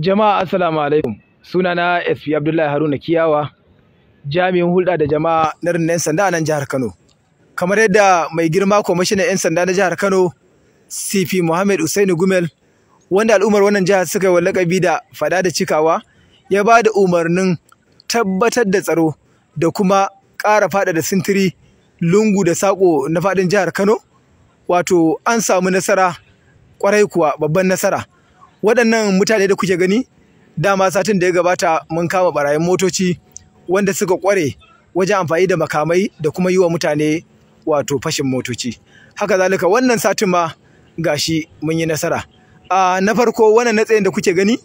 Jama'a assalamu alaikum. Sunana SP Abdullahi Haruna Kiyawa, jami'in hulɗa da jama'a na rundunar 'yan sanda nan jihar Kano. Kamar yadda mai girma kwamishinan 'yan sanda na jihar Kano, CP Muhammad Usainu Gumel, wanda al'ummar wannan jihar suka yi lakabi da fada da cikawa, ya ba da umarnin tabbatar da tsaro da kuma ƙara fada da sintiri lungu da saƙo na faɗin jihar Kano. Wato an samu nasara, ƙwarai kuwa babban nasara. waɗannan mutane da kuke gani dama satin da ya gabata mun kama barayin motoci wanda suka kware wajen amfani da makamai da kuma yi wa mutane wato fashin motoci haka zalika wannan satin ma gashi mun yi nasara a na farko wannan na da kuke gani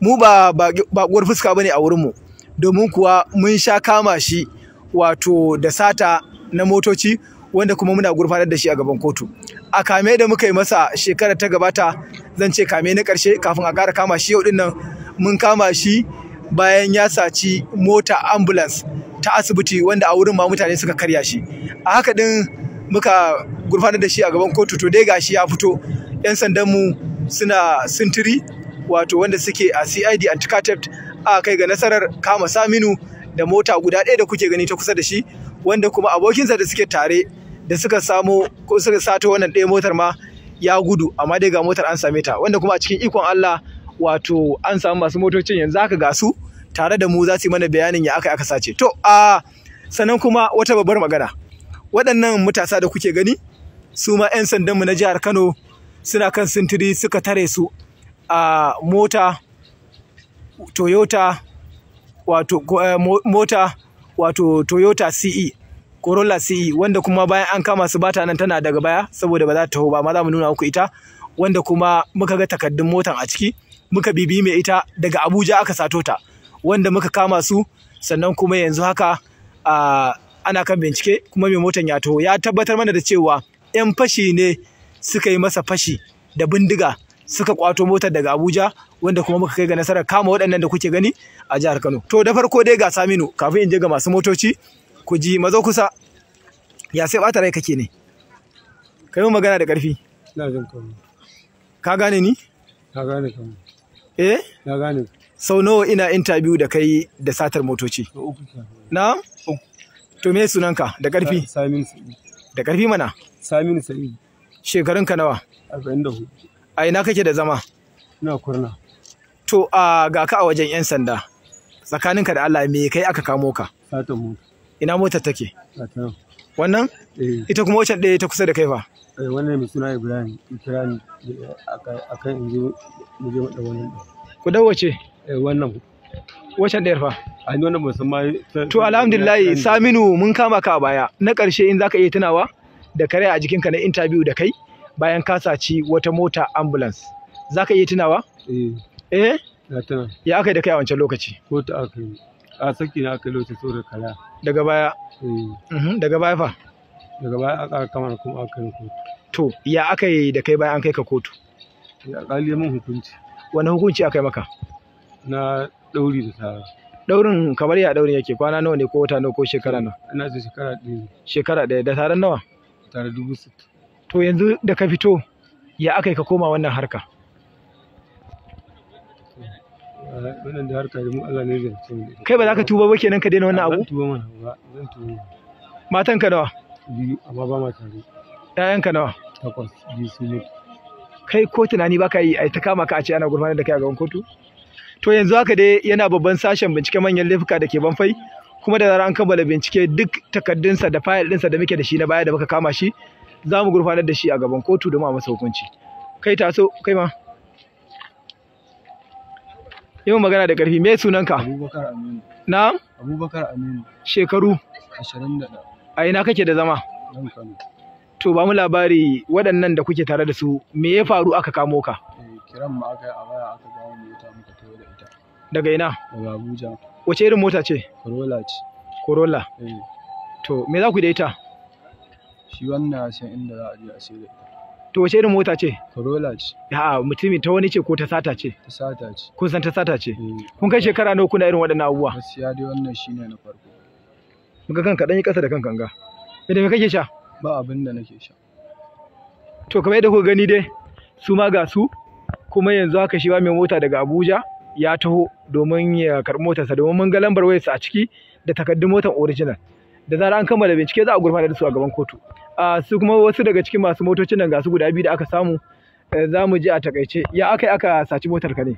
mu ba bakuwar fuska ba ne a wurinmu domin kuwa mun sha kama shi wato da sata na motoci wanda kuma muna gurfanar da shi a gaban kotu a kame da muka yi masa shekarar ta gabata zan ce kame na ƙarshe kafin a ƙara kama shi yau din nan mun kama shi bayan ya saci mota ambulance ta asibiti wanda a wurin ma mutane suka karya shi a haka din muka gurfanar da shi a gaban kotu to dai gashi ya fito yan sandan mu suna sintiri wato wanda suke a CID anti a kai ga nasarar kama Saminu da mota guda ɗaya da kuke gani ta kusa da shi wanda kuma abokinsa da suke tare da suka samo ko suka sato wannan ɗaya motar ma ya gudu amma dai ga motar an same ta wanda kuma a cikin ikon Allah wato an samu masu motocin yanzu aka ga su tare da mu za su yi mana bayanin ya aka aka sace to a sannan kuma wata babbar magana waɗannan matasa da kuke gani su ma 'yan sandanmu na jihar Kano suna kan sintiri suka tare su a mota Toyota wato eh, mota wato Toyota CE Corolla CE wanda kuma bayan an kama su bata nan tana daga baya saboda ba za ta taho ba ma za mu nuna muku ita wanda kuma muka ga takaddun motan a ciki muka bibi mai ita daga Abuja aka sato ta wanda muka kama su sannan kuma yanzu haka ana kan bincike kuma mai motan ya taho ya tabbatar mana da cewa 'yan fashi ne suka yi masa fashi da bindiga suka kwato motar daga Abuja wanda kuma muka kai ga nasarar kama waɗannan da kuke gani a jihar Kano. To da farko dai ga Saminu kafin in je ga masu motoci ku ji mazo kusa ya sai bata rai kake ne kai magana da ƙarfi ina jin ka ka gane ni ka gane ka eh na gane sau nawa ina interview da kai da satar motoci na to me sunanka da ƙarfi samin da ƙarfi mana samin shekarun shekarunka nawa 44 a ina kake da zama ina kurna to a ga ka a wajen yan sanda tsakaninka da Allah me kai aka kamo ka satar motoci ina motar take wannan eh. ita kuma wacan ɗaya ta kusa da kai fa eh, wannan mai suna ibrahim Ibrahim a kan in mu je da wannan ku dawace eh, wannan wacan ɗayar fa a yi wannan ban san ma to alhamdulillah saminu mun kama ka a baya na ƙarshe in za ka iya tunawa da kare a jikinka na interview da kai bayan ka saci wata mota ambulance Za ka iya tunawa eh eh ya ya aka yi da kai a wancan lokaci ko ta aka yi a saki na aka lokaci tsoro kara daga baya eh. mhm, daga baya fa daga baya aka kama kuma aka yi kotu to ya aka yi da kai bayan an kai ka kotu ya kali min hukunci wani hukunci aka yi maka na dauri da tara daurin kamar ya daurin yake kwana nawa ne ko wata nawa ko shekara nawa eh, ina da shekara ɗaya shekara ɗaya da tara nawa tare dubu sittin to yanzu da ka fito ya aka yi ka koma wannan harka wannan da harka mu Allah ne zai kai ba za ka tuba ba kenan ka daina wannan abu tuba mana ba zan tuba matan ka nawa biyu amma ba ma tare ƴaƴan ka nawa takwas biyu kai ko tunani baka yi ai ta kama ka a ce ana gurfanar da kai a gaban kotu to yanzu haka dai yana babban sashen bincike manyan laifuka da ke banfai kuma da zarar an kammala bincike duk takardunsa da fayil ɗinsa da muke da shi na baya da muka kama shi za mu gurfanar da shi a gaban kotu domin a masa hukunci kai taso kai ma yi magana da ƙarfi me sunanka abubakar aminu na abubakar aminu shekaru 21 a ina kake da zama nan kano to ba mu labari waɗannan da kuke tare da su me ya faru aka kamo ka eh, kiran ma aka yi a baya aka bawo mota muka tawo da ita daga ina daga abuja wace irin mota ce corolla ce corolla eh. to me za ku da ita shi wannan ya inda za a je a sayar da ita To wace irin mota ce? Corolla ce. A'a mutumin ta wani ce ko ta sata ce? Ta sata ce. Kun san ta sata ce? Eh. Kun kai shekara nawa kuna irin waɗannan abubuwa? Gaskiya dai wannan shine na farko. Muka kanka dan yi ƙasa da kanka ga. Me da me kake sha? Ba abin da nake sha. To kamar yadda kuka gani dai su ma ga su kuma yanzu haka shi ba mai mota daga Abuja ya taho domin ya karɓi motarsa domin mun ga lambar wayarsa a ciki da takardun motar original. da zarar an kammala bincike za a gurfanar da su a gaban kotu a su kuma wasu daga cikin masu motocin nan ga guda biyu da aka samu eh, za mu ji a takaice ya aka aka saci motar ka ne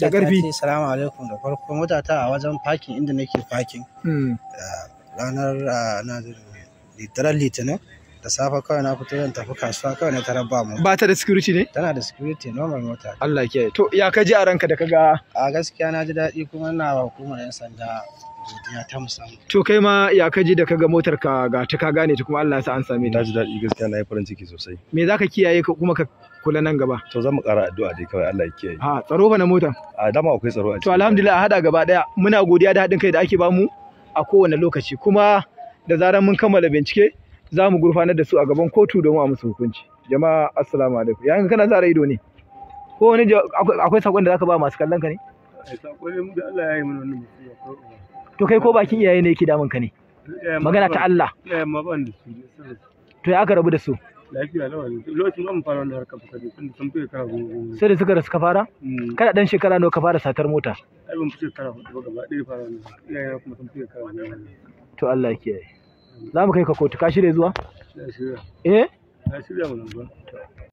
da ƙarfi salamu alaikum da farko mota ta a wajen parking inda nake parking hmm. eh, ranar ah, litinin da safe kawai na fito zan tafi kasuwa kawai na tarar ba mu ba ta da security ne tana da security normal mota Allah ya to ya ka ji a ranka da ka ga a gaskiya na ji daɗi kuma ina wa hukumar yan sanda godiya ta musamman to kai ma ya ka ji da ka ga motar ka ga ta ka gane ta kuma Allah ya sa an same ta na ji daɗi gaskiya na yi farin ciki sosai me za ka kiyaye kuma ka kula nan gaba to za mu ƙara addu'a dai kawai Allah ya kiyaye ha tsaro ba na mota a dama akwai tsaro a to alhamdulillah a hada gaba daya muna godiya da haɗin kai da ake bamu a kowane lokaci kuma da zaran mun kammala bincike za mu gurfanar da su a gaban kotu domin a musu hukunci jama'a assalamu alaikum yayin kana zara ido ne ko wani akwai sakon da zaka ba masu kallon ka ne Allah ya yi mana wannan to kai ko bakin iyaye ne yake damun ka ne eh, magana ta Allah eh, to ya aka rabu da su lafiya lawa ne lokacin an fara wannan harkar fuka sun sun fiye ka gungun sai da suka rasu ka fara mm. kada dan shekara nawa ka fara satar mota ai ban fiye kara ba gaba ɗaya fara wannan iyayen kuma sun fiye kara gungun to Allah ya kiyaye za mu kai ka kotu ka shirya zuwa eh